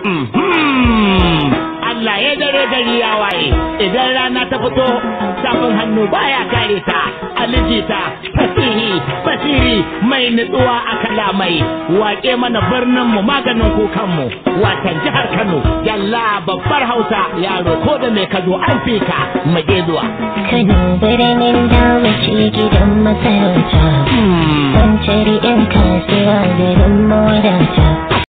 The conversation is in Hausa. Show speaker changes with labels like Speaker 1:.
Speaker 1: Mhm. Allah ya dare gari ya waye idan rana ta fito safin hannu baya kare ta jita. fasihi fasiri mai nutsuwa a kalamai Waƙe mana birnin mu maganin kukanmu mu watan jihar Kano yalla babbar Hausa yaro ko da me kazo an fi ka mu je zuwa Kano birnin da wuce gidan
Speaker 2: masarauta hmm. cari in kasuwa garin mawadata